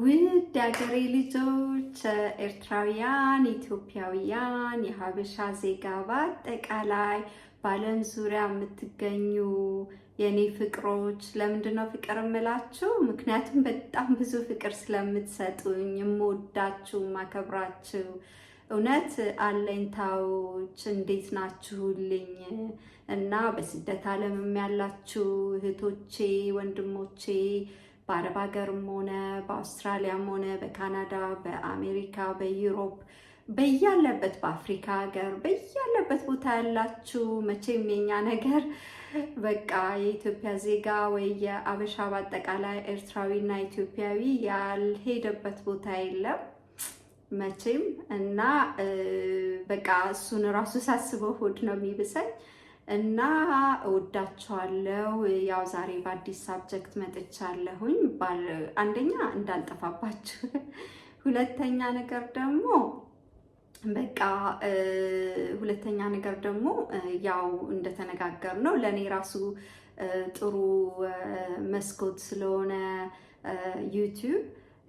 ውድ አገሬ ልጆች ኤርትራውያን፣ ኢትዮጵያውያን፣ የሀበሻ ዜጋ በአጠቃላይ በዓለም ዙሪያ የምትገኙ የእኔ ፍቅሮች፣ ለምንድን ነው ፍቅር የምላችሁ? ምክንያቱም በጣም ብዙ ፍቅር ስለምትሰጡኝ የምወዳችሁ ማከብራችሁ እውነት አለኝታዎች እንዴት ናችሁልኝ? እና በስደት ዓለምም ያላችሁ እህቶቼ ወንድሞቼ በአረብ ሀገርም ሆነ በአውስትራሊያም ሆነ በካናዳ፣ በአሜሪካ፣ በዩሮፕ በያለበት በአፍሪካ ሀገር በያለበት ቦታ ያላችሁ መቼም የኛ ነገር በቃ የኢትዮጵያ ዜጋ ወይ የአበሻ በአጠቃላይ ኤርትራዊና ኢትዮጵያዊ ያልሄደበት ቦታ የለም መቼም እና በቃ እሱን ራሱ ሳስበው ሆድ ነው የሚብሰኝ። እና እወዳቸዋለሁ። ያው ዛሬ በአዲስ ሳብጀክት መጥቻለሁኝ። አንደኛ እንዳልጠፋባችሁ፣ ሁለተኛ ነገር ደግሞ በቃ ሁለተኛ ነገር ደግሞ ያው እንደተነጋገር ነው ለእኔ ራሱ ጥሩ መስኮት ስለሆነ ዩቲዩብ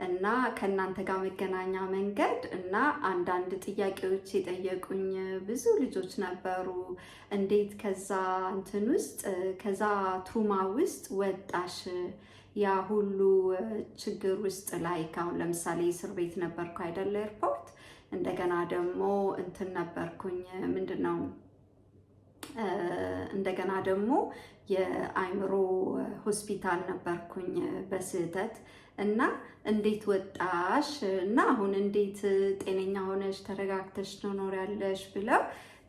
እና ከእናንተ ጋር መገናኛ መንገድ እና አንዳንድ ጥያቄዎች የጠየቁኝ ብዙ ልጆች ነበሩ። እንዴት ከዛ እንትን ውስጥ ከዛ ቱማ ውስጥ ወጣሽ? ያ ሁሉ ችግር ውስጥ ላይ አሁን ለምሳሌ እስር ቤት ነበርኩ አይደለ? ኤርፖርት እንደገና ደግሞ እንትን ነበርኩኝ ምንድን ነው እንደገና ደግሞ የአይምሮ ሆስፒታል ነበርኩኝ በስህተት እና እንዴት ወጣሽ እና አሁን እንዴት ጤነኛ ሆነሽ ተረጋግተሽ ትኖሪያለሽ ብለው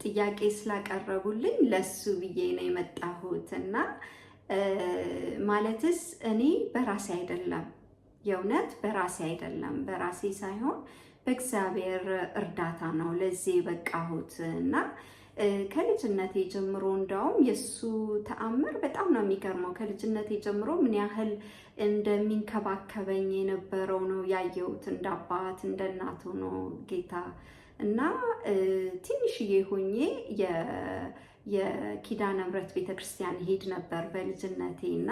ጥያቄ ስላቀረቡልኝ ለሱ ብዬ ነው የመጣሁት። እና ማለትስ እኔ በራሴ አይደለም የእውነት በራሴ አይደለም፣ በራሴ ሳይሆን በእግዚአብሔር እርዳታ ነው ለዚህ የበቃሁት እና ከልጅነቴ ጀምሮ እንዳውም የእሱ ተአምር በጣም ነው የሚገርመው። ከልጅነቴ ጀምሮ ምን ያህል እንደሚንከባከበኝ የነበረው ነው ያየሁት። እንደ አባት እንደ እናቱ ነው ጌታ እና ትንሽዬ ሆኜ የኪዳነ ምሕረት ቤተክርስቲያን ሄድ ነበር በልጅነቴ እና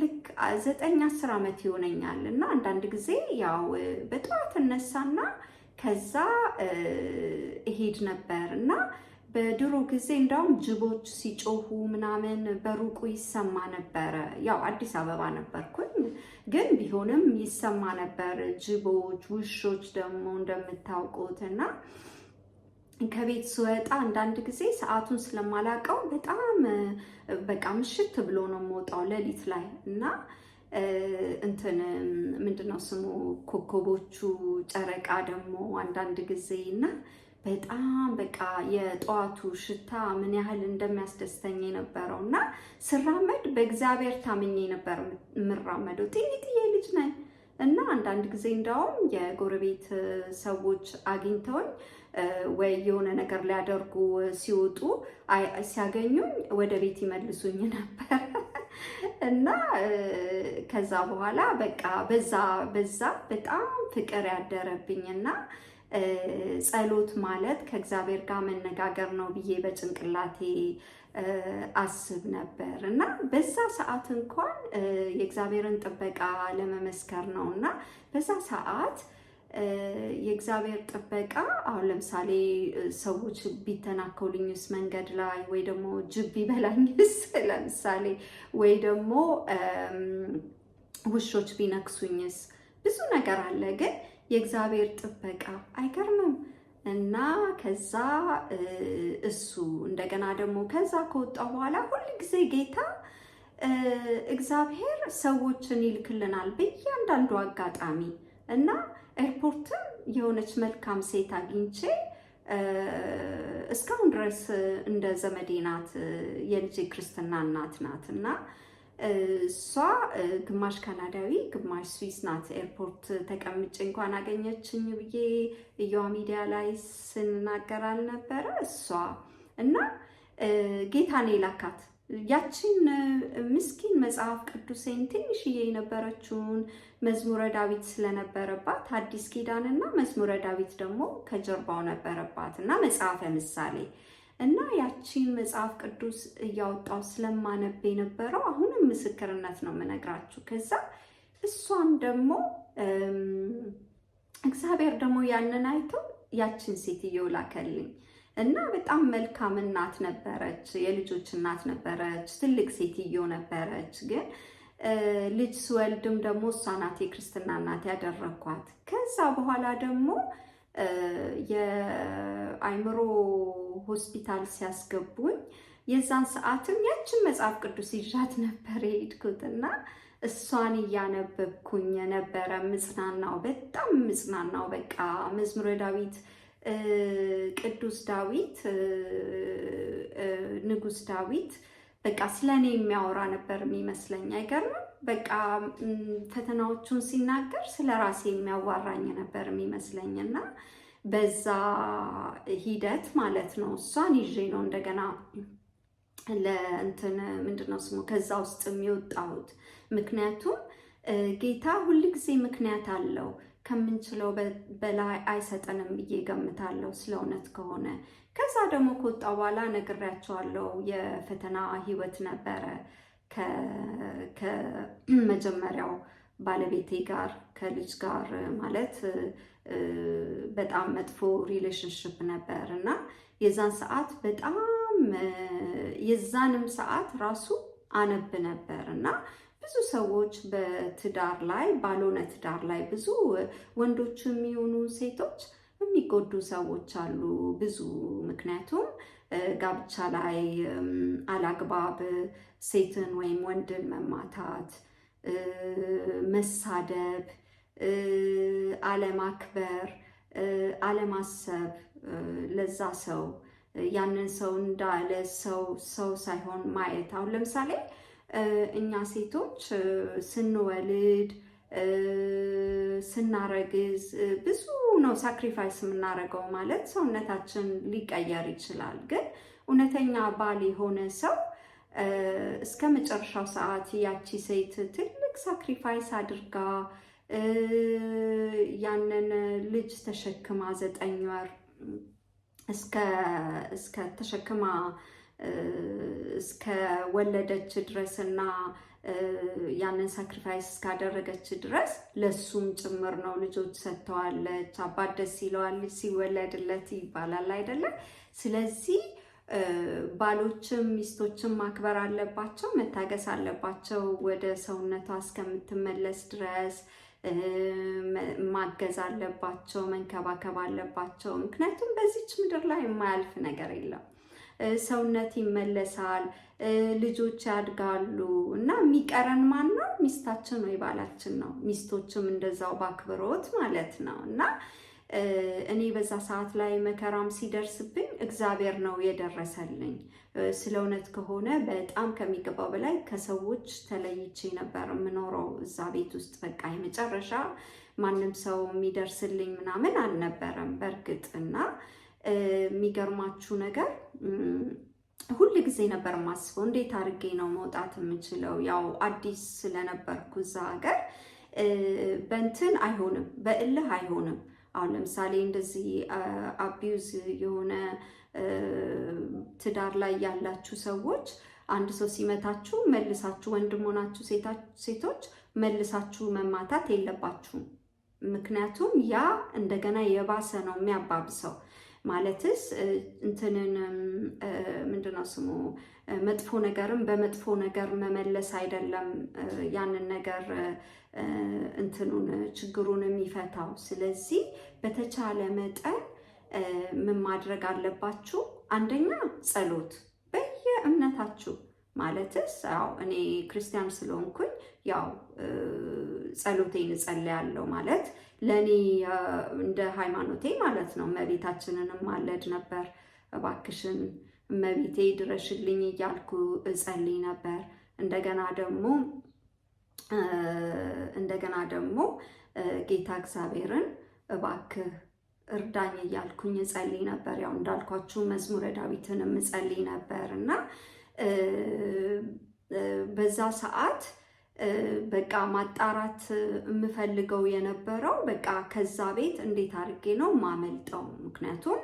ልክ ዘጠኝ አስር ዓመት ይሆነኛል እና አንዳንድ ጊዜ ያው በጠዋት እነሳና ከዛ እሄድ ነበር እና በድሮ ጊዜ እንዳውም ጅቦች ሲጮሁ ምናምን በሩቁ ይሰማ ነበረ። ያው አዲስ አበባ ነበርኩኝ፣ ግን ቢሆንም ይሰማ ነበር ጅቦች፣ ውሾች ደግሞ እንደምታውቁት እና ከቤት ስወጣ አንዳንድ ጊዜ ሰዓቱን ስለማላውቀው በጣም በቃ ምሽት ብሎ ነው የምወጣው ሌሊት ላይ እና እንትን ምንድነው ስሙ ኮከቦቹ ጨረቃ ደግሞ አንዳንድ ጊዜ እና በጣም በቃ የጠዋቱ ሽታ ምን ያህል እንደሚያስደስተኝ የነበረው እና ስራመድ በእግዚአብሔር ታምኜ ነበር የምራመደው። ጤኒትዬ ልጅ ነኝ እና አንዳንድ ጊዜ እንዳውም የጎረቤት ሰዎች አግኝተውኝ ወይ የሆነ ነገር ሊያደርጉ ሲወጡ ሲያገኙኝ ወደ ቤት ይመልሱኝ ነበር እና ከዛ በኋላ በቃ በዛ በዛ በጣም ፍቅር ያደረብኝና ጸሎት ማለት ከእግዚአብሔር ጋር መነጋገር ነው ብዬ በጭንቅላቴ አስብ ነበር እና በዛ ሰዓት እንኳን የእግዚአብሔርን ጥበቃ ለመመስከር ነው እና በዛ ሰዓት የእግዚአብሔር ጥበቃ አሁን ለምሳሌ ሰዎች ቢተናከሉኝስ መንገድ ላይ ወይ ደግሞ ጅብ ይበላኝስ ለምሳሌ ወይ ደግሞ ውሾች ቢነክሱኝስ? ብዙ ነገር አለ። ግን የእግዚአብሔር ጥበቃ አይገርምም? እና ከዛ እሱ እንደገና ደግሞ ከዛ ከወጣ በኋላ ሁል ጊዜ ጌታ እግዚአብሔር ሰዎችን ይልክልናል በእያንዳንዱ አጋጣሚ እና ኤርፖርትም የሆነች መልካም ሴት አግኝቼ እስካሁን ድረስ እንደ ዘመዴ ናት። የልጄ ክርስትና እናት ናት እና እሷ ግማሽ ካናዳዊ ግማሽ ስዊስ ናት። ኤርፖርት ተቀምጬ እንኳን አገኘችኝ ብዬ እየዋ ሚዲያ ላይ ስንናገር አልነበረ እሷ እና ጌታን የላካት ያችን ምስኪን መጽሐፍ ቅዱሴን ትንሽዬ የነበረችውን መዝሙረ ዳዊት ስለነበረባት አዲስ ኪዳን እና መዝሙረ ዳዊት ደግሞ ከጀርባው ነበረባት እና መጽሐፈ ምሳሌ እና ያቺን መጽሐፍ ቅዱስ እያወጣው ስለማነብ የነበረው አሁንም ምስክርነት ነው የምነግራችሁ። ከዛ እሷም ደግሞ እግዚአብሔር ደግሞ ያንን አይተው ያችን ሴትዮ ላከልኝ እና በጣም መልካም እናት ነበረች፣ የልጆች እናት ነበረች፣ ትልቅ ሴትዮ ነበረች። ግን ልጅ ስወልድም ደግሞ እሷ ናት የክርስትና እናት ያደረኳት። ከዛ በኋላ ደግሞ የአይምሮ ሆስፒታል ሲያስገቡኝ የዛን ሰዓትም ያችን መጽሐፍ ቅዱስ ይዣት ነበር የሄድኩትና እሷን እያነበብኩኝ ነበረ ምጽናናው በጣም ምጽናናው በቃ መዝሙረ ዳዊት ቅዱስ ዳዊት ንጉስ ዳዊት በቃ ስለ እኔ የሚያወራ ነበር የሚመስለኝ አይገርምም በቃ ፈተናዎቹን ሲናገር ስለ ራሴ የሚያዋራኝ ነበር የሚመስለኝ እና በዛ ሂደት ማለት ነው እሷን ይዤ ነው እንደገና ለእንትን ምንድነው ስሙ ከዛ ውስጥ የሚወጣሁት። ምክንያቱም ጌታ ሁልጊዜ ምክንያት አለው ከምንችለው በላይ አይሰጠንም ብዬ ገምታለሁ፣ ስለ እውነት ከሆነ ከዛ ደግሞ ከወጣ በኋላ ነግሬያቸዋለሁ። የፈተና ህይወት ነበረ ከመጀመሪያው ባለቤቴ ጋር ከልጅ ጋር ማለት በጣም መጥፎ ሪሌሽንሽፕ ነበር እና የዛን ሰዓት በጣም የዛንም ሰዓት ራሱ አነብ ነበር እና ብዙ ሰዎች በትዳር ላይ ባልሆነ ትዳር ላይ ብዙ ወንዶች የሚሆኑ ሴቶች የሚጎዱ ሰዎች አሉ ብዙ ምክንያቱም ጋብቻ ላይ አላግባብ ሴትን ወይም ወንድን መማታት፣ መሳደብ፣ አለማክበር፣ አለማሰብ ለዛ ሰው ያንን ሰው እንዳለ ሰው ሰው ሳይሆን ማየት። አሁን ለምሳሌ እኛ ሴቶች ስንወልድ ስናረግዝ ብዙ ነው ሳክሪፋይስ የምናደርገው። ማለት ሰውነታችን ሊቀየር ይችላል። ግን እውነተኛ ባል የሆነ ሰው እስከ መጨረሻው ሰዓት ያቺ ሴት ትልቅ ሳክሪፋይስ አድርጋ ያንን ልጅ ተሸክማ ዘጠኝ ወር እስከ ተሸክማ እስከ ወለደች ድረስ እና ያንን ሳክሪፋይስ እስካደረገች ድረስ ለሱም ጭምር ነው ልጆች ሰጥተዋለች። አባት ደስ ይለዋል ሲወለድለት ይባላል አይደለም? ስለዚህ ባሎችም ሚስቶችም ማክበር አለባቸው፣ መታገስ አለባቸው። ወደ ሰውነቷ እስከምትመለስ ድረስ ማገዝ አለባቸው፣ መንከባከብ አለባቸው። ምክንያቱም በዚች ምድር ላይ የማያልፍ ነገር የለም። ሰውነት ይመለሳል፣ ልጆች ያድጋሉ እና የሚቀረን ማን ነው? ሚስታችን ወይ ባላችን ነው። ሚስቶችም እንደዛው በአክብሮት ማለት ነው እና እኔ በዛ ሰዓት ላይ መከራም ሲደርስብኝ እግዚአብሔር ነው የደረሰልኝ። ስለ እውነት ከሆነ በጣም ከሚገባው በላይ ከሰዎች ተለይቼ ነበር የምኖረው እዛ ቤት ውስጥ። በቃ የመጨረሻ ማንም ሰው የሚደርስልኝ ምናምን አልነበረም በእርግጥ እና የሚገርማችሁ ነገር ሁል ጊዜ ነበር ማስበው እንዴት አድርጌ ነው መውጣት የምችለው? ያው አዲስ ስለነበርኩ እዛ ሀገር በእንትን አይሆንም፣ በእልህ አይሆንም። አሁን ለምሳሌ እንደዚህ አቢዩዝ የሆነ ትዳር ላይ ያላችሁ ሰዎች አንድ ሰው ሲመታችሁ መልሳችሁ፣ ወንድም ሆናችሁ ሴቶች መልሳችሁ መማታት የለባችሁም። ምክንያቱም ያ እንደገና የባሰ ነው የሚያባብሰው። ማለትስ እንትንን ምንድነው ስሙ መጥፎ ነገርም በመጥፎ ነገር መመለስ አይደለም ያንን ነገር እንትኑን ችግሩን የሚፈታው። ስለዚህ በተቻለ መጠን ምን ማድረግ አለባችሁ? አንደኛ ጸሎት በየእምነታችሁ ማለትስ ያው እኔ ክርስቲያን ስለሆንኩኝ ያው ጸሎቴን እጸልያለሁ ማለት ለእኔ እንደ ሃይማኖቴ ማለት ነው። እመቤታችንን ማለድ ነበር። እባክሽን እመቤቴ ድረሽልኝ እያልኩ እጸልይ ነበር። እንደገና ደግሞ እንደገና ደግሞ ጌታ እግዚአብሔርን እባክህ እርዳኝ እያልኩኝ እጸልይ ነበር። ያው እንዳልኳችሁ መዝሙረ ዳዊትንም እጸልይ ነበር እና በዛ ሰዓት በቃ ማጣራት የምፈልገው የነበረው በቃ ከዛ ቤት እንዴት አድርጌ ነው ማመልጠው። ምክንያቱም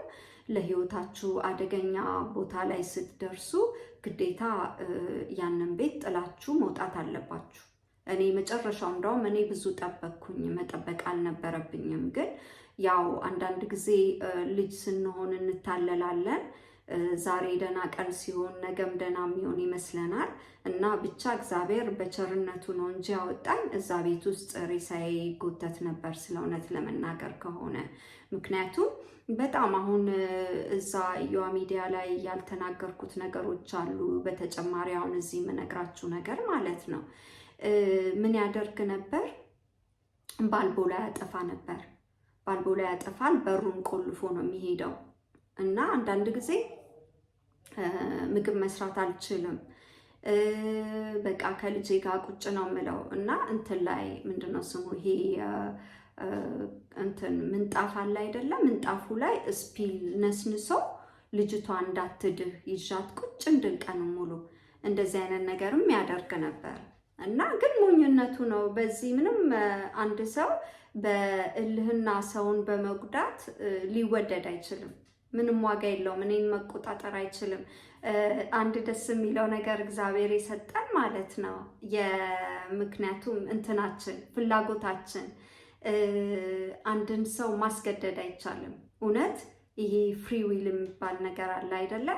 ለሕይወታችሁ አደገኛ ቦታ ላይ ስትደርሱ ግዴታ ያንን ቤት ጥላችሁ መውጣት አለባችሁ። እኔ መጨረሻው እንደውም እኔ ብዙ ጠበቅኩኝ፣ መጠበቅ አልነበረብኝም። ግን ያው አንዳንድ ጊዜ ልጅ ስንሆን እንታለላለን። ዛሬ ደህና ቀን ሲሆን ነገም ደህና የሚሆን ይመስለናል እና ብቻ እግዚአብሔር በቸርነቱ ነው እንጂ ያወጣኝ እዛ ቤት ውስጥ ሬሳዬ ይጎተት ነበር፣ ስለ እውነት ለመናገር ከሆነ ምክንያቱም በጣም አሁን እዛ እዩዋ ሚዲያ ላይ ያልተናገርኩት ነገሮች አሉ። በተጨማሪ አሁን እዚህ የምነግራችሁ ነገር ማለት ነው። ምን ያደርግ ነበር? ባልቦ ላይ ያጠፋ ነበር። ባልቦ ላይ ያጠፋል። በሩን ቆልፎ ነው የሚሄደው እና አንዳንድ ጊዜ ምግብ መስራት አልችልም። በቃ ከልጄ ጋር ቁጭ ነው የምለው እና እንትን ላይ ምንድን ነው ስሙ ይሄ እንትን ምንጣፍ አለ አይደለም? ምንጣፉ ላይ ስፒል ነስንሶ ልጅቷ እንዳትድህ ይዣት ቁጭ እንድል ቀን ሙሉ እንደዚህ አይነት ነገርም ያደርግ ነበር እና ግን ሞኝነቱ ነው። በዚህ ምንም አንድ ሰው በእልህና ሰውን በመጉዳት ሊወደድ አይችልም። ምንም ዋጋ የለውም። እኔን መቆጣጠር አይችልም። አንድ ደስ የሚለው ነገር እግዚአብሔር የሰጠን ማለት ነው። የምክንያቱም እንትናችን ፍላጎታችን አንድን ሰው ማስገደድ አይቻልም። እውነት ይሄ ፍሪ ዊል የሚባል ነገር አለ አይደለ?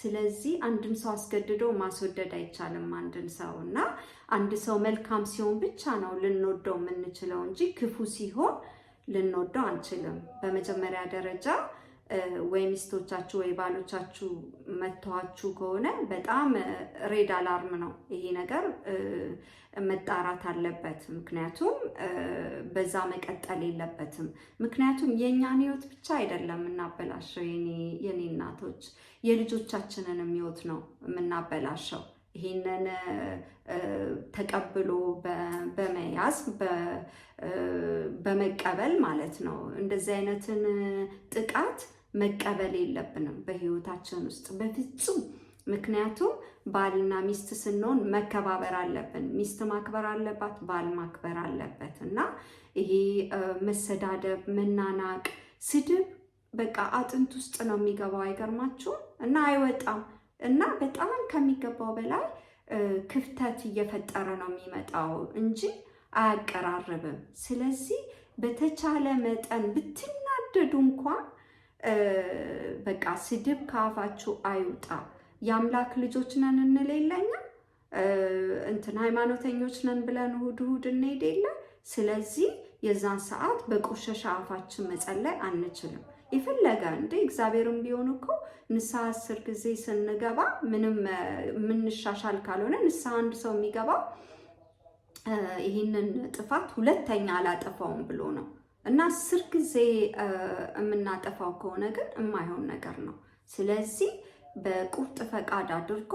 ስለዚህ አንድን ሰው አስገድዶ ማስወደድ አይቻልም አንድን ሰው እና አንድ ሰው መልካም ሲሆን ብቻ ነው ልንወደው የምንችለው እንጂ ክፉ ሲሆን ልንወደው አንችልም። በመጀመሪያ ደረጃ ወይ ሚስቶቻችሁ ወይ ባሎቻችሁ መተዋችሁ ከሆነ በጣም ሬድ አላርም ነው። ይሄ ነገር መጣራት አለበት። ምክንያቱም በዛ መቀጠል የለበትም። ምክንያቱም የእኛን ህይወት ብቻ አይደለም የምናበላሸው፣ የኔ እናቶች የልጆቻችንንም ህይወት ነው የምናበላሸው። ይህንን ተቀብሎ በመያዝ በመቀበል ማለት ነው እንደዚህ አይነትን ጥቃት መቀበል የለብንም በህይወታችን ውስጥ በፍጹም። ምክንያቱም ባልና ሚስት ስንሆን መከባበር አለብን። ሚስት ማክበር አለባት፣ ባል ማክበር አለበት። እና ይሄ መሰዳደብ፣ መናናቅ፣ ስድብ በቃ አጥንት ውስጥ ነው የሚገባው። አይገርማችሁም? እና አይወጣም። እና በጣም ከሚገባው በላይ ክፍተት እየፈጠረ ነው የሚመጣው እንጂ አያቀራርብም። ስለዚህ በተቻለ መጠን ብትናደዱ እንኳን በቃ ስድብ ከአፋችሁ አይውጣ። የአምላክ ልጆች ነን እንል የለኛ እንትን ሃይማኖተኞች ነን ብለን እሑድ እሑድ እንሄድ የለ። ስለዚህ የዛን ሰዓት በቆሸሻ አፋችን መጸለይ አንችልም። የፈለገ እንደ እግዚአብሔርም ቢሆን እኮ ንስሐ አስር ጊዜ ስንገባ ምንም የምንሻሻል ካልሆነ ንስሐ አንድ ሰው የሚገባው ይህንን ጥፋት ሁለተኛ አላጠፋውም ብሎ ነው። እና አስር ጊዜ የምናጠፋው ከሆነ ግን የማይሆን ነገር ነው። ስለዚህ በቁርጥ ፈቃድ አድርጎ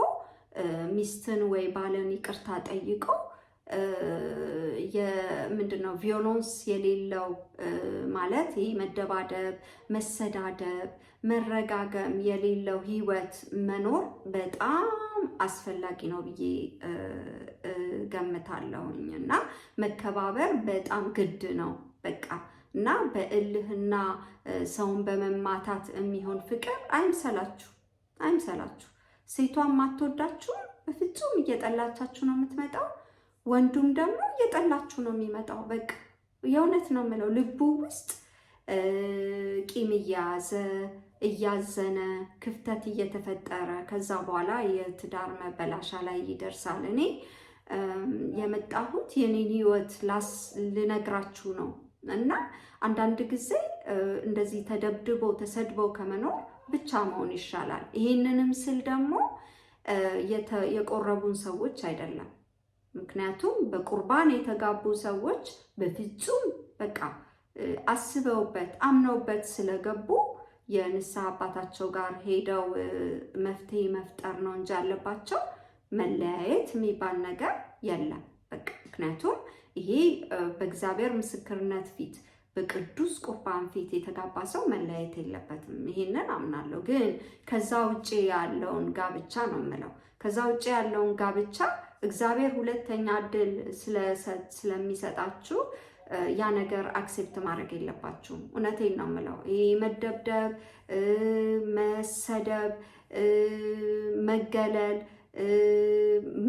ሚስትን ወይ ባልን ይቅርታ ጠይቆ የምንድነው ቪዮሎንስ የሌለው ማለት ይህ መደባደብ፣ መሰዳደብ፣ መረጋገም የሌለው ህይወት መኖር በጣም አስፈላጊ ነው ብዬ ገምታለሁኝ እና መከባበር በጣም ግድ ነው በቃ እና በእልህና ሰውን በመማታት የሚሆን ፍቅር አይምሰላችሁ፣ አይምሰላችሁ። ሴቷም ማትወዳችሁ በፍጹም እየጠላቻችሁ ነው የምትመጣው። ወንዱም ደግሞ እየጠላችሁ ነው የሚመጣው። በቃ የእውነት ነው የምለው ልቡ ውስጥ ቂም እየያዘ እያዘነ ክፍተት እየተፈጠረ ከዛ በኋላ የትዳር መበላሻ ላይ ይደርሳል። እኔ የመጣሁት የኔን ህይወት ልነግራችሁ ነው። እና አንዳንድ ጊዜ እንደዚህ ተደብድበው ተሰድበው ከመኖር ብቻ መሆን ይሻላል። ይህንንም ስል ደግሞ የቆረቡን ሰዎች አይደለም። ምክንያቱም በቁርባን የተጋቡ ሰዎች በፍጹም በቃ አስበውበት አምነውበት ስለገቡ የንስሐ አባታቸው ጋር ሄደው መፍትሄ መፍጠር ነው እንጂ ያለባቸው መለያየት የሚባል ነገር የለም። በቃ ምክንያቱም ይሄ በእግዚአብሔር ምስክርነት ፊት በቅዱስ ቁርባን ፊት የተጋባ ሰው መለያየት የለበትም። ይሄንን አምናለሁ። ግን ከዛ ውጭ ያለውን ጋብቻ ነው የምለው። ከዛ ውጭ ያለውን ጋብቻ እግዚአብሔር ሁለተኛ እድል ስለሚሰጣችሁ ያ ነገር አክሴፕት ማድረግ የለባችሁም። እውነቴን ነው የምለው። ይሄ መደብደብ፣ መሰደብ፣ መገለል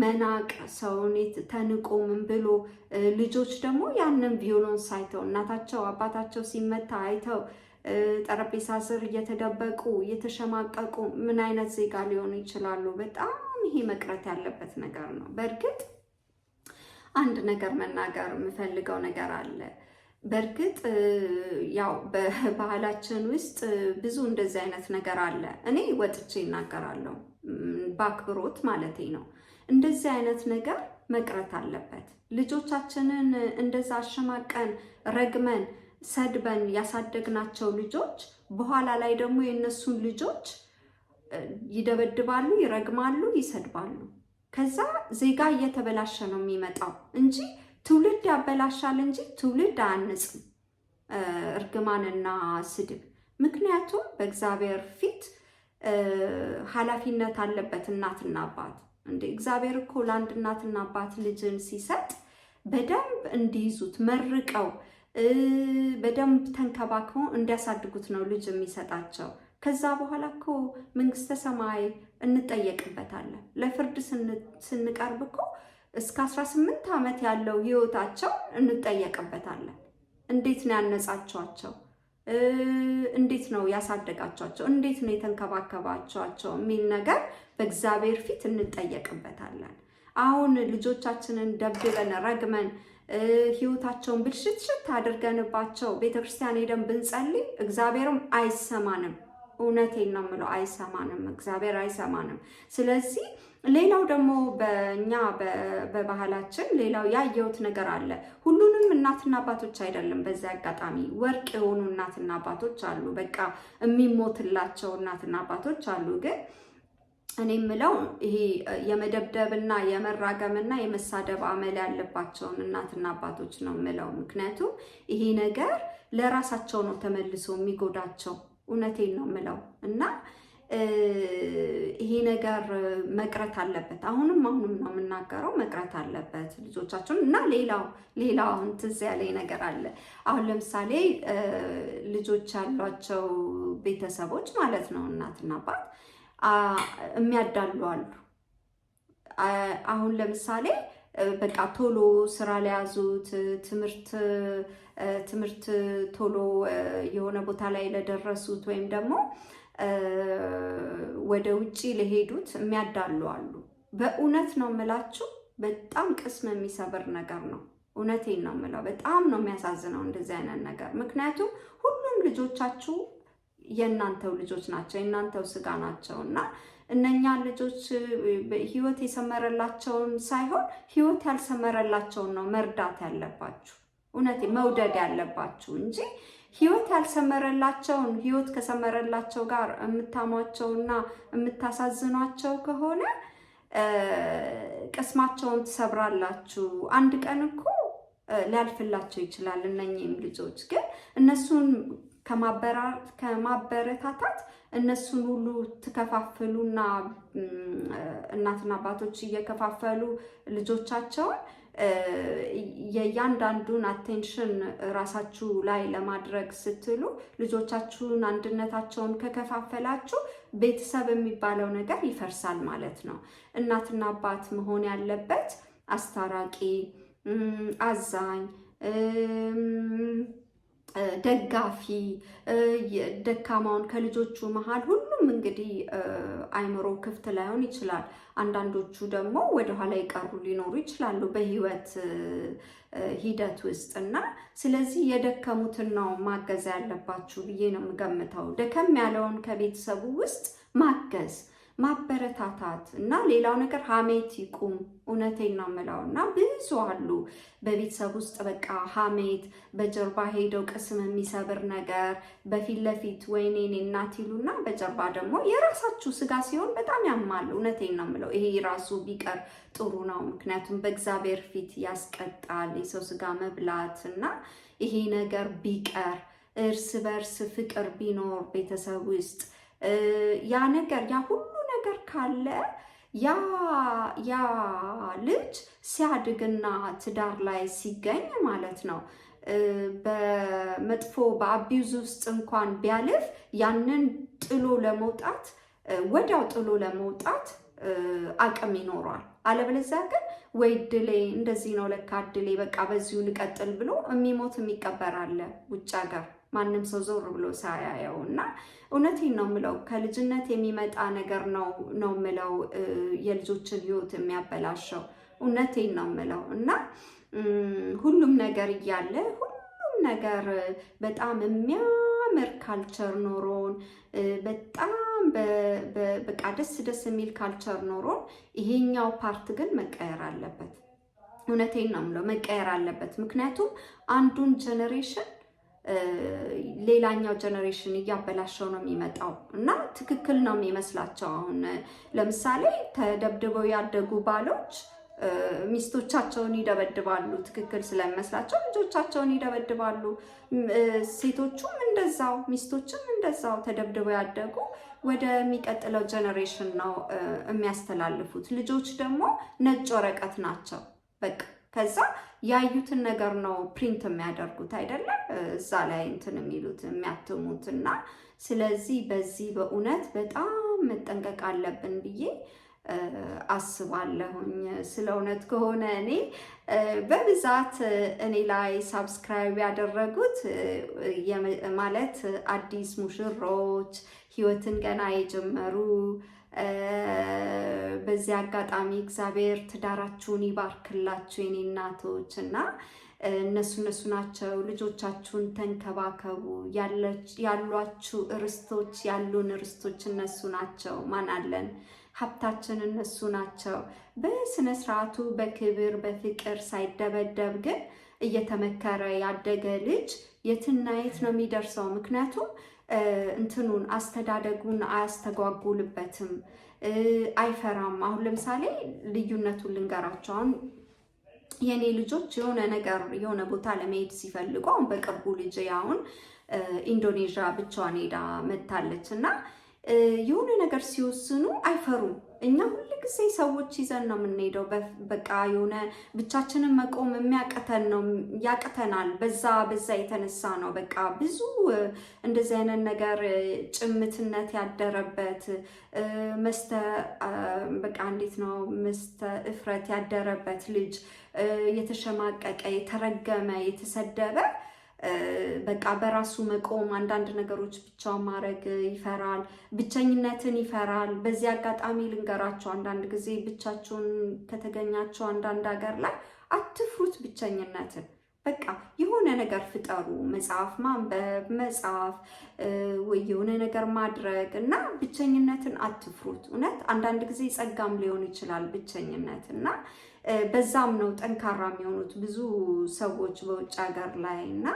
መናቅ ሰውን ተንቆ ምን ብሎ ልጆች ደግሞ ያንን ቪዮሎንስ አይተው እናታቸው አባታቸው ሲመታ አይተው ጠረጴዛ ስር እየተደበቁ እየተሸማቀቁ ምን አይነት ዜጋ ሊሆኑ ይችላሉ? በጣም ይሄ መቅረት ያለበት ነገር ነው። በእርግጥ አንድ ነገር መናገር የምፈልገው ነገር አለ። በእርግጥ ያው በባህላችን ውስጥ ብዙ እንደዚህ አይነት ነገር አለ። እኔ ወጥቼ ይናገራለሁ በአክብሮት ማለቴ ነው። እንደዚህ አይነት ነገር መቅረት አለበት። ልጆቻችንን እንደዛ አሸማቀን፣ ረግመን፣ ሰድበን ያሳደግናቸው ልጆች በኋላ ላይ ደግሞ የእነሱን ልጆች ይደበድባሉ፣ ይረግማሉ፣ ይሰድባሉ። ከዛ ዜጋ እየተበላሸ ነው የሚመጣው እንጂ ትውልድ ያበላሻል እንጂ ትውልድ አያንጽም እርግማንና ስድብ። ምክንያቱም በእግዚአብሔር ፊት ኃላፊነት አለበት እናትና አባት። እንደ እግዚአብሔር እኮ ለአንድ እናትና አባት ልጅን ሲሰጥ በደንብ እንዲይዙት መርቀው በደንብ ተንከባክበው እንዲያሳድጉት ነው ልጅ የሚሰጣቸው። ከዛ በኋላ እኮ መንግስተ ሰማይ እንጠየቅበታለን። ለፍርድ ስንቀርብ እኮ እስከ 18 ዓመት ያለው ህይወታቸው እንጠየቅበታለን። እንዴት ነው ያነጻቸዋቸው? እንዴት ነው ያሳደጋቸዋቸው? እንዴት ነው የተንከባከባቸዋቸው? የሚል ነገር በእግዚአብሔር ፊት እንጠየቅበታለን። አሁን ልጆቻችንን ደብድበን ረግመን ህይወታቸውን ብልሽትሽት አድርገንባቸው ቤተክርስቲያን ሄደን ብንጸልይ እግዚአብሔርም አይሰማንም። እውነቴን ነው የምለው፣ አይሰማንም፣ እግዚአብሔር አይሰማንም። ስለዚህ ሌላው ደግሞ በእኛ በባህላችን ሌላው ያየሁት ነገር አለ። ሁሉንም እናትና አባቶች አይደለም። በዚህ አጋጣሚ ወርቅ የሆኑ እናትና አባቶች አሉ፣ በቃ የሚሞትላቸው እናትና አባቶች አሉ። ግን እኔ የምለው ይሄ የመደብደብና የመራገምና የመሳደብ አመል ያለባቸውን እናትና አባቶች ነው የምለው። ምክንያቱም ይሄ ነገር ለራሳቸው ነው ተመልሶ የሚጎዳቸው እውነቴን ነው የምለው እና ይሄ ነገር መቅረት አለበት። አሁንም አሁንም ነው የምናገረው፣ መቅረት አለበት ልጆቻችን እና ሌላው ሌላው አሁን ትዝ ያለኝ ነገር አለ። አሁን ለምሳሌ ልጆች ያሏቸው ቤተሰቦች ማለት ነው እናትና አባት የሚያዳሉ አሉ። አሁን ለምሳሌ በቃ ቶሎ ስራ ለያዙት ትምህርት ትምህርት ቶሎ የሆነ ቦታ ላይ ለደረሱት ወይም ደግሞ ወደ ውጭ ለሄዱት የሚያዳሉ አሉ። በእውነት ነው የምላችሁ፣ በጣም ቅስም የሚሰብር ነገር ነው። እውነቴን ነው የምለው፣ በጣም ነው የሚያሳዝነው እንደዚህ አይነት ነገር። ምክንያቱም ሁሉም ልጆቻችሁ የእናንተው ልጆች ናቸው፣ የእናንተው ስጋ ናቸው እና እነኛ ልጆች ህይወት የሰመረላቸውን ሳይሆን ህይወት ያልሰመረላቸውን ነው መርዳት ያለባችሁ። እውነት መውደድ ያለባችሁ እንጂ ህይወት ያልሰመረላቸውን ህይወት ከሰመረላቸው ጋር የምታሟቸውና የምታሳዝኗቸው ከሆነ ቅስማቸውን ትሰብራላችሁ። አንድ ቀን እኮ ሊያልፍላቸው ይችላል። እነኚህም ልጆች ግን እነሱን ከማበረታታት እነሱን ሁሉ ትከፋፍሉና እናትና አባቶች እየከፋፈሉ ልጆቻቸውን የእያንዳንዱን አቴንሽን ራሳችሁ ላይ ለማድረግ ስትሉ ልጆቻችሁን አንድነታቸውን ከከፋፈላችሁ ቤተሰብ የሚባለው ነገር ይፈርሳል ማለት ነው። እናትና አባት መሆን ያለበት አስታራቂ፣ አዛኝ ደጋፊ ደካማውን ከልጆቹ መሀል ሁሉም እንግዲህ አይምሮ ክፍት ላይሆን ይችላል። አንዳንዶቹ ደግሞ ወደኋላ ይቀሩ ሊኖሩ ይችላሉ በህይወት ሂደት ውስጥ እና ስለዚህ የደከሙትን ነው ማገዝ ያለባችሁ ብዬ ነው የምገምተው። ደከም ያለውን ከቤተሰቡ ውስጥ ማገዝ ማበረታታት እና ሌላው ነገር ሀሜት ይቁም። እውነቴን ነው የምለው እና ብዙ አሉ በቤተሰብ ውስጥ በቃ ሀሜት በጀርባ ሄደው ቅስም የሚሰብር ነገር በፊት ለፊት ወይኔ እኔ እናት ይሉና በጀርባ ደግሞ የራሳችሁ ስጋ ሲሆን በጣም ያማል። እውነቴን ነው የምለው ይሄ ራሱ ቢቀር ጥሩ ነው። ምክንያቱም በእግዚአብሔር ፊት ያስቀጣል የሰው ስጋ መብላት እና ይሄ ነገር ቢቀር እርስ በርስ ፍቅር ቢኖር ቤተሰብ ውስጥ ያ ነገር ያ ሁሉ ነገር ካለ ያ ያ ልጅ ሲያድግና ትዳር ላይ ሲገኝ ማለት ነው በመጥፎ በአቢዩዝ ውስጥ እንኳን ቢያልፍ ያንን ጥሎ ለመውጣት ወዲያው ጥሎ ለመውጣት አቅም ይኖሯል። አለበለዚያ ግን ወይ ድሌ እንደዚህ ነው ለካ ድሌ በቃ በዚሁ ልቀጥል ብሎ የሚሞት የሚቀበር አለ ውጭ ሀገር ማንም ሰው ዞር ብሎ ሳያየው እና እውነቴን ነው የምለው ከልጅነት የሚመጣ ነገር ነው ነው የምለው የልጆችን ህይወት የሚያበላሸው እውነቴን ነው የምለው እና ሁሉም ነገር እያለ ሁሉም ነገር በጣም የሚያምር ካልቸር ኖሮን በጣም በቃ ደስ ደስ የሚል ካልቸር ኖሮን ይሄኛው ፓርት ግን መቀየር አለበት። እውነቴን ነው የምለው መቀየር አለበት። ምክንያቱም አንዱን ጀኔሬሽን ሌላኛው ጀኔሬሽን እያበላሸው ነው የሚመጣው እና ትክክል ነው የሚመስላቸው። አሁን ለምሳሌ ተደብድበው ያደጉ ባሎች ሚስቶቻቸውን ይደበድባሉ፣ ትክክል ስለሚመስላቸው ልጆቻቸውን ይደበድባሉ። ሴቶቹም እንደዛው፣ ሚስቶችም እንደዛው ተደብድበው ያደጉ ወደሚቀጥለው ጀኔሬሽን ነው የሚያስተላልፉት። ልጆች ደግሞ ነጭ ወረቀት ናቸው በቃ ከዛ ያዩትን ነገር ነው ፕሪንት የሚያደርጉት አይደለም፣ እዛ ላይ እንትን የሚሉት የሚያትሙት እና ስለዚህ በዚህ በእውነት በጣም መጠንቀቅ አለብን ብዬ አስባለሁኝ። ስለ እውነት ከሆነ እኔ በብዛት እኔ ላይ ሳብስክራይብ ያደረጉት ማለት አዲስ ሙሽሮች፣ ህይወትን ገና የጀመሩ በዚህ አጋጣሚ እግዚአብሔር ትዳራችሁን ይባርክላችሁ የኔ እናቶች እና እነሱ እነሱ ናቸው። ልጆቻችሁን ተንከባከቡ። ያሏችሁ እርስቶች ያሉን እርስቶች እነሱ ናቸው። ማን አለን? ሀብታችን እነሱ ናቸው። በስነ ስርዓቱ በክብር በፍቅር ሳይደበደብ ግን እየተመከረ ያደገ ልጅ የትና የት ነው የሚደርሰው? ምክንያቱም እንትኑን አስተዳደጉን አያስተጓጉልበትም፣ አይፈራም። አሁን ለምሳሌ ልዩነቱን ልንገራቸው። የእኔ ልጆች የሆነ ነገር የሆነ ቦታ ለመሄድ ሲፈልጉ አሁን በቅርቡ ልጅ አሁን ኢንዶኔዥያ ብቻዋን ሄዳ መታለች እና የሆነ ነገር ሲወስኑ አይፈሩም። እኛ ሁል ጊዜ ሰዎች ይዘን ነው የምንሄደው። በቃ የሆነ ብቻችንን መቆም የሚያቀተን ነው ያቅተናል። በዛ በዛ የተነሳ ነው በቃ ብዙ እንደዚህ አይነት ነገር ጭምትነት ያደረበት መስተ በቃ እንዴት ነው መስተ እፍረት ያደረበት ልጅ የተሸማቀቀ የተረገመ የተሰደበ በቃ በራሱ መቆም፣ አንዳንድ ነገሮች ብቻው ማድረግ ይፈራል፣ ብቸኝነትን ይፈራል። በዚህ አጋጣሚ ልንገራቸው፣ አንዳንድ ጊዜ ብቻቸውን ከተገኛቸው አንዳንድ ሀገር ላይ አትፍሩት ብቸኝነትን። በቃ የሆነ ነገር ፍጠሩ፣ መጽሐፍ ማንበብ፣ መጽሐፍ ወይ የሆነ ነገር ማድረግ እና ብቸኝነትን አትፍሩት። እውነት አንዳንድ ጊዜ ጸጋም ሊሆን ይችላል ብቸኝነት እና በዛም ነው ጠንካራ የሚሆኑት ብዙ ሰዎች በውጭ ሀገር ላይ እና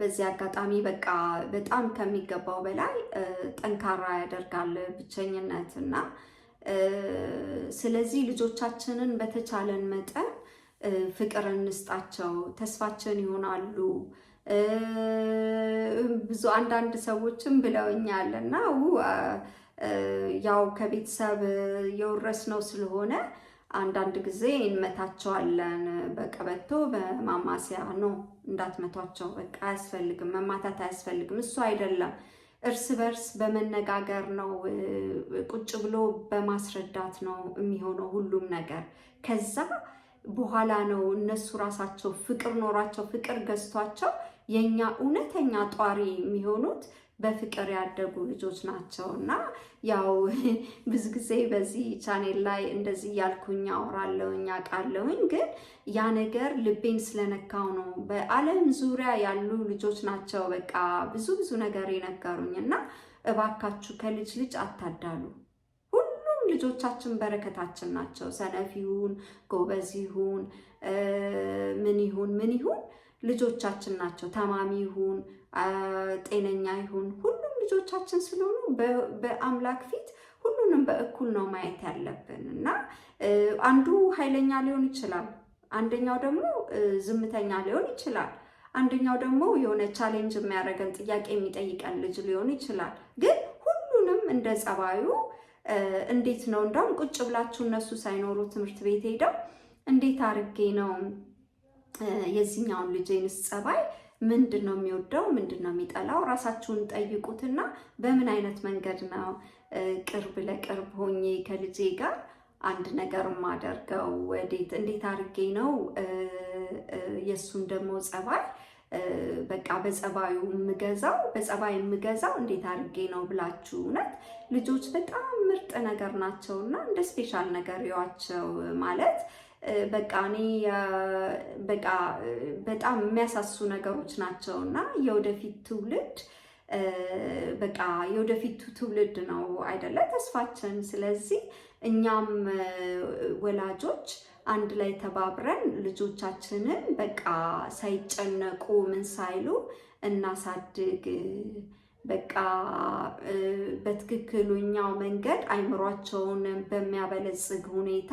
በዚህ አጋጣሚ በቃ በጣም ከሚገባው በላይ ጠንካራ ያደርጋል ብቸኝነት እና ስለዚህ ልጆቻችንን በተቻለን መጠን ፍቅር እንስጣቸው። ተስፋችን ይሆናሉ። ብዙ አንዳንድ ሰዎችም ብለውኛል እና ያው ከቤተሰብ የወረስነው ስለሆነ አንዳንድ ጊዜ እንመታቸዋለን በቀበቶ በማማሲያ ነው። እንዳትመቷቸው፣ በቃ አያስፈልግም፣ መማታት አያስፈልግም። እሱ አይደለም፣ እርስ በርስ በመነጋገር ነው፣ ቁጭ ብሎ በማስረዳት ነው የሚሆነው ሁሉም ነገር። ከዛ በኋላ ነው እነሱ ራሳቸው ፍቅር ኖሯቸው ፍቅር ገዝቷቸው የእኛ እውነተኛ ጧሪ የሚሆኑት። በፍቅር ያደጉ ልጆች ናቸው እና ያው ብዙ ጊዜ በዚህ ቻኔል ላይ እንደዚህ እያልኩኝ አወራለሁኝ አውቃለሁኝ። ግን ያ ነገር ልቤን ስለነካው ነው። በዓለም ዙሪያ ያሉ ልጆች ናቸው በቃ ብዙ ብዙ ነገር የነገሩኝ እና እባካችሁ ከልጅ ልጅ አታዳሉ። ሁሉም ልጆቻችን በረከታችን ናቸው። ሰነፍ ይሁን ጎበዝ ይሁን ምን ይሁን ምን ይሁን ልጆቻችን ናቸው። ተማሚ ይሁን ጤነኛ ይሁን ሁሉም ልጆቻችን ስለሆኑ በአምላክ ፊት ሁሉንም በእኩል ነው ማየት ያለብን እና አንዱ ኃይለኛ ሊሆን ይችላል፣ አንደኛው ደግሞ ዝምተኛ ሊሆን ይችላል፣ አንደኛው ደግሞ የሆነ ቻሌንጅ የሚያደርገን ጥያቄ የሚጠይቀን ልጅ ሊሆን ይችላል። ግን ሁሉንም እንደ ጸባዩ እንዴት ነው እንዳውም ቁጭ ብላችሁ እነሱ ሳይኖሩ ትምህርት ቤት ሄደው እንዴት አድርጌ ነው የዚህኛውን ልጄንስ ጸባይ ምንድን ነው የሚወደው፣ ምንድን ነው የሚጠላው፣ ራሳችሁን ጠይቁትና በምን አይነት መንገድ ነው ቅርብ ለቅርብ ሆኜ ከልጄ ጋር አንድ ነገር ማደርገው፣ ወዴት እንዴት አድርጌ ነው የእሱን ደግሞ ጸባይ በቃ በጸባዩ የምገዛው በጸባይ የምገዛው እንዴት አድርጌ ነው ብላችሁ እውነት ልጆች በጣም ምርጥ ነገር ናቸውና እንደ ስፔሻል ነገር ይዋቸው ማለት በቃ እኔ በቃ በጣም የሚያሳሱ ነገሮች ናቸው እና የወደፊት ትውልድ በቃ የወደፊቱ ትውልድ ነው አይደለ ተስፋችን። ስለዚህ እኛም ወላጆች አንድ ላይ ተባብረን ልጆቻችንን በቃ ሳይጨነቁ ምን ሳይሉ እናሳድግ። በቃ በትክክሉኛው መንገድ አይምሯቸውን በሚያበለጽግ ሁኔታ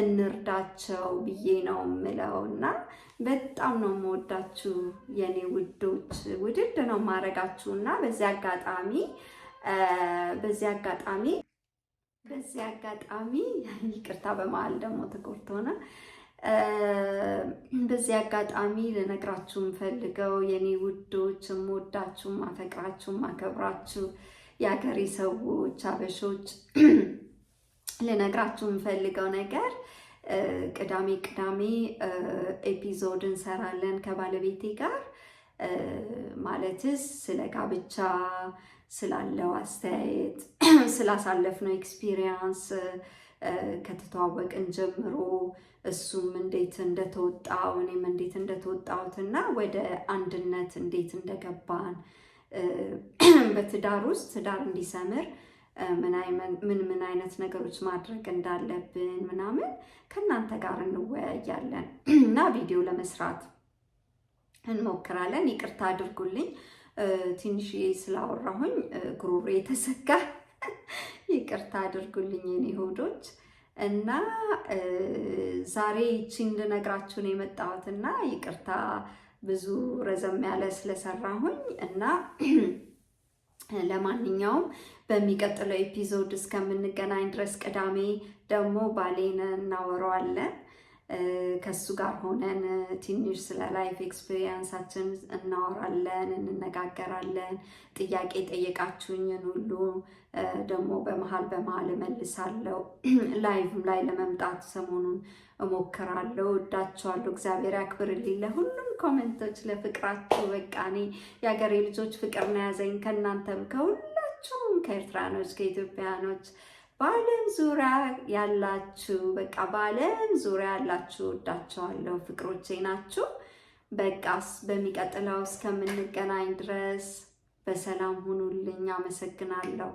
እንርዳቸው ብዬ ነው የምለው እና በጣም ነው የምወዳችሁ የኔ ውዶች፣ ውድድ ነው ማድረጋችሁ እና በዚህ አጋጣሚ በዚህ አጋጣሚ በዚህ አጋጣሚ ይቅርታ በመሀል ደግሞ ተቆርቶ ሆነ። በዚህ አጋጣሚ ልነግራችሁ የምፈልገው የኔ ውዶች፣ የምወዳችሁ፣ ማፈቅራችሁ፣ ማከብራችሁ የሀገሬ ሰዎች አበሾች ልነግራችሁ የምፈልገው ነገር ቅዳሜ ቅዳሜ ኤፒዞድ እንሰራለን ከባለቤቴ ጋር ማለትስ ስለ ጋብቻ ስላለው አስተያየት ስላሳለፍነው ኤክስፒሪየንስ ከተተዋወቅን ጀምሮ እሱም እንዴት እንደተወጣው እኔም እንዴት እንደተወጣሁት እና ወደ አንድነት እንዴት እንደገባን በትዳር ውስጥ ትዳር እንዲሰምር ምን ምን አይነት ነገሮች ማድረግ እንዳለብን ምናምን ከእናንተ ጋር እንወያያለን እና ቪዲዮ ለመስራት እንሞክራለን። ይቅርታ አድርጉልኝ ትንሽ ስላወራሁኝ ጉሮሮ የተዘጋ ይቅርታ አድርጉልኝ የኔ ሆዶች። እና ዛሬ ይቺን ልነግራችሁን የመጣሁት እና ይቅርታ ብዙ ረዘም ያለ ስለሰራሁኝ እና ለማንኛውም በሚቀጥለው ኤፒሶድ እስከምንገናኝ ድረስ ቅዳሜ ደግሞ ባሌን እናወራዋለን። ከሱ ጋር ሆነን ትንሽ ስለ ላይፍ ኤክስፒሪየንሳችን እናወራለን፣ እንነጋገራለን። ጥያቄ ጠየቃችሁኝን ሁሉ ደግሞ በመሀል በመሀል እመልሳለሁ። ላይቭም ላይ ለመምጣት ሰሞኑን እሞክራለሁ። እዳችኋለሁ። እግዚአብሔር ያክብርልኝ ለሁሉም ኮሜንቶች፣ ለፍቅራችሁ። በቃ እኔ የሀገሬ ልጆች ፍቅር ነው ያዘኝ ከእናንተም ከሁላችሁም ከኤርትራኖች፣ ከኢትዮጵያኖች በዓለም ዙሪያ ያላችሁ በቃ በዓለም ዙሪያ ያላችሁ ወዳችኋለሁ፣ ፍቅሮቼ ናችሁ። በቃስ በሚቀጥለው እስከምንገናኝ ድረስ በሰላም ሁኑልኝ። አመሰግናለሁ።